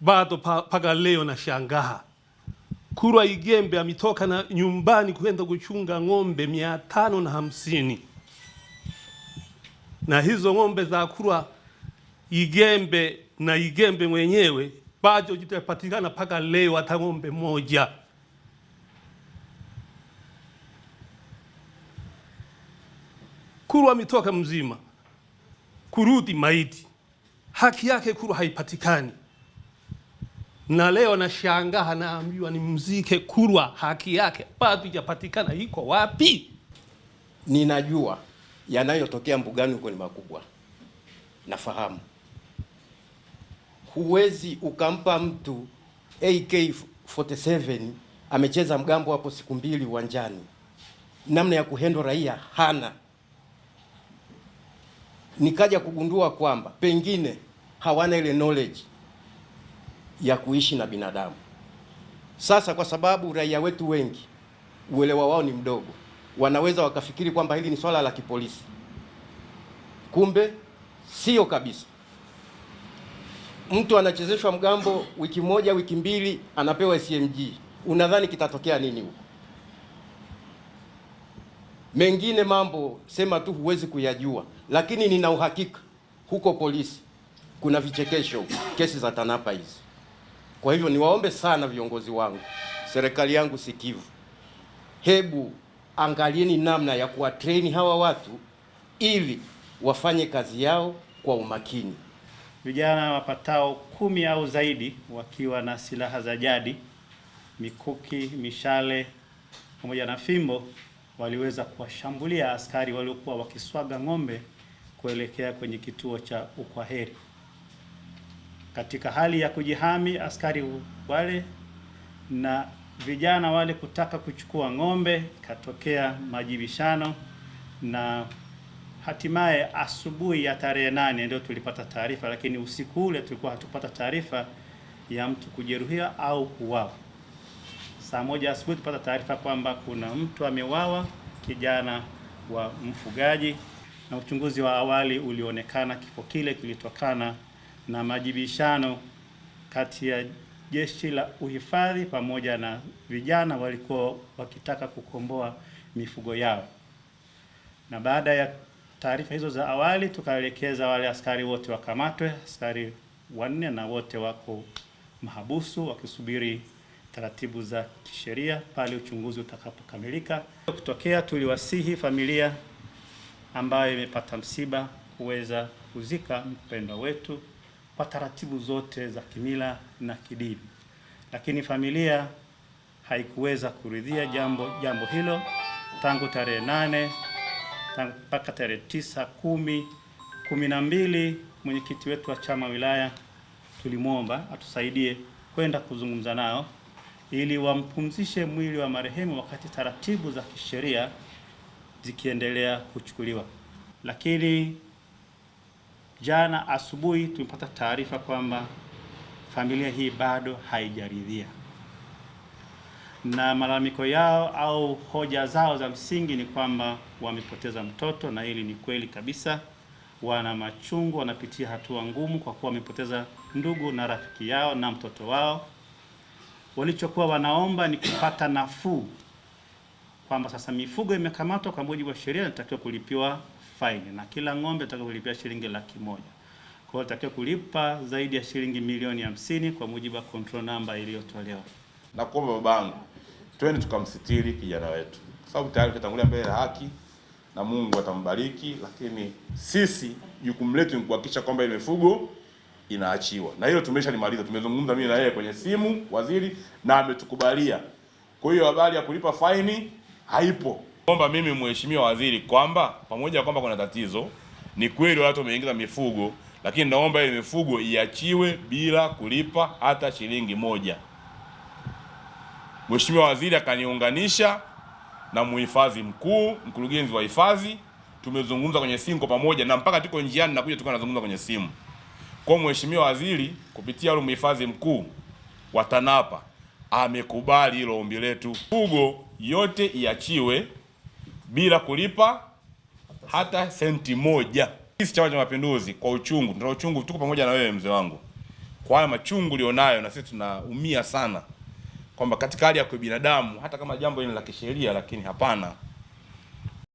bado mpaka leo nashangaa. Kurwa Igembe ametoka na nyumbani kwenda kuchunga ng'ombe mia tano na hamsini na hizo ng'ombe za Kurwa Igembe na Igembe mwenyewe bado jitapatikana mpaka leo hata ng'ombe moja. Kurwa ametoka mzima kurudi maiti, haki yake Kurwa haipatikani na leo nashangaa, naambiwa ni mzike Kurwa, haki yake bado ijapatikana Iko wapi? Ninajua yanayotokea mbugani huko ni makubwa, nafahamu. Huwezi ukampa mtu AK47 amecheza mgambo hapo siku mbili uwanjani, namna ya kuhendwa raia hana. Nikaja kugundua kwamba pengine hawana ile knowledge ya kuishi na binadamu. Sasa kwa sababu raia wetu wengi uelewa wao ni mdogo, wanaweza wakafikiri kwamba hili ni swala la kipolisi, kumbe sio kabisa. Mtu anachezeshwa mgambo wiki moja, wiki mbili, anapewa SMG. Unadhani kitatokea nini huko? Mengine mambo sema tu huwezi kuyajua, lakini nina uhakika huko polisi kuna vichekesho, kesi za TANAPA hizi. Kwa hivyo niwaombe sana viongozi wangu, serikali yangu sikivu, hebu angalieni namna ya kuwatreni hawa watu ili wafanye kazi yao kwa umakini. Vijana wapatao kumi au zaidi wakiwa na silaha za jadi, mikuki, mishale pamoja na fimbo waliweza kuwashambulia askari waliokuwa wakiswaga ng'ombe kuelekea kwenye kituo cha Ukwaheri katika hali ya kujihami askari wale na vijana wale kutaka kuchukua ng'ombe, katokea majibishano na hatimaye asubuhi ya tarehe nane ndio tulipata taarifa, lakini usiku ule tulikuwa hatupata taarifa ya mtu kujeruhiwa au kuwawa. Saa moja asubuhi tupata taarifa kwamba kuna mtu amewawa, kijana wa mfugaji, na uchunguzi wa awali ulionekana kifo kile kilitokana na majibishano kati ya jeshi la uhifadhi pamoja na vijana walikuwa wakitaka kukomboa mifugo yao. Na baada ya taarifa hizo za awali, tukaelekeza wale askari wote wakamatwe, askari wanne, na wote wako mahabusu wakisubiri taratibu za kisheria pale uchunguzi utakapokamilika. Kutokea tuliwasihi familia ambayo imepata msiba kuweza kuzika mpendwa wetu kwa taratibu zote za kimila na kidini, lakini familia haikuweza kuridhia jambo jambo hilo tangu tarehe nane mpaka tarehe tisa kumi kumi na mbili mwenyekiti wetu wa chama wilaya tulimwomba atusaidie kwenda kuzungumza nao ili wampumzishe mwili wa marehemu wakati taratibu za kisheria zikiendelea kuchukuliwa, lakini Jana asubuhi tumepata taarifa kwamba familia hii bado haijaridhia, na malalamiko yao au hoja zao za msingi ni kwamba wamepoteza mtoto, na hili ni kweli kabisa. Wana machungu, wanapitia hatua ngumu kwa kuwa wamepoteza ndugu na rafiki yao na mtoto wao. Walichokuwa wanaomba ni kupata nafuu kwamba sasa mifugo imekamatwa kwa mujibu wa sheria inatakiwa kulipiwa faini na kila ng'ombe inatakiwa kulipia shilingi laki moja. Kwa hiyo inatakiwa kulipa zaidi ya shilingi milioni hamsini kwa mujibu wa control number iliyotolewa. Na kuomba babangu, twende tukamsitiri kijana wetu, kwa sababu tayari katangulia mbele ya haki na Mungu atambariki, lakini sisi jukumu letu ni kuhakikisha kwamba ile mifugo inaachiwa, na hilo tumeshalimaliza. Tumezungumza mimi na yeye kwenye simu, waziri na ametukubalia. Kwa hiyo habari ya kulipa faini haipo. Omba mimi mheshimiwa waziri kwamba pamoja kwamba kuna tatizo, ni kweli watu wameingiza mifugo, lakini naomba ile mifugo iachiwe bila kulipa hata shilingi moja. Mheshimiwa waziri akaniunganisha na mhifadhi mkuu, mkurugenzi wa hifadhi, tumezungumza kwenye simu kwa pamoja, na mpaka tuko njiani nakuja tuko nazungumza kwenye simu. Kwa mheshimiwa waziri kupitia yule mhifadhi mkuu wa TANAPA amekubali hilo ombi letu. Fugo yote iachiwe bila kulipa hata senti moja. Sisi Chama cha Mapinduzi kwa uchungu, tuna uchungu, tuko pamoja na wewe mzee wangu kwa haya machungu ulionayo, na sisi tunaumia sana kwamba katika hali ya kibinadamu, hata kama jambo hili la kisheria, lakini hapana